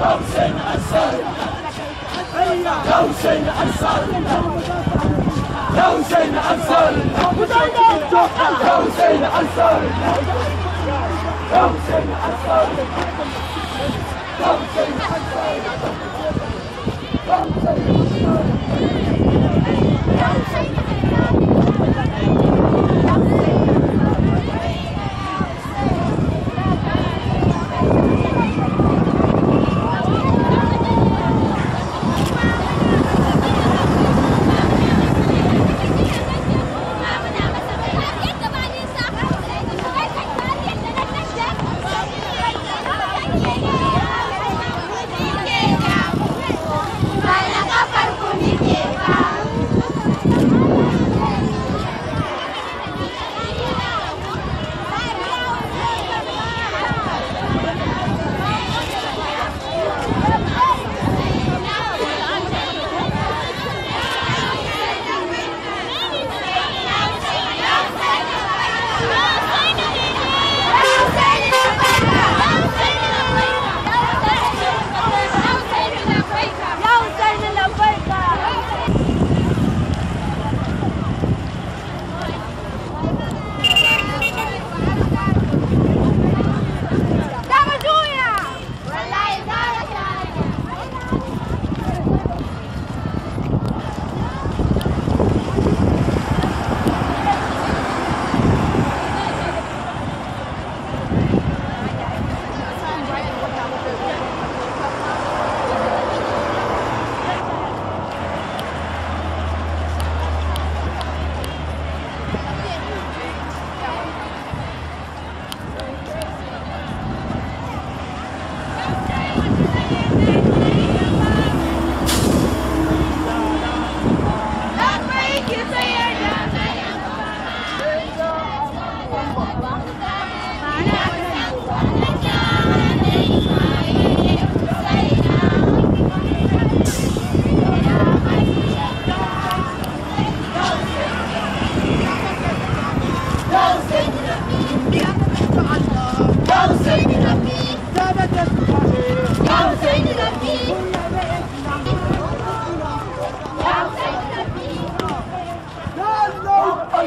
قوس أسر قوس أسر قوس أسر قوس أسر قوس أسر قوس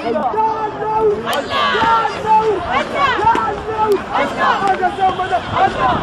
Asla! Asla! Asla! Asla!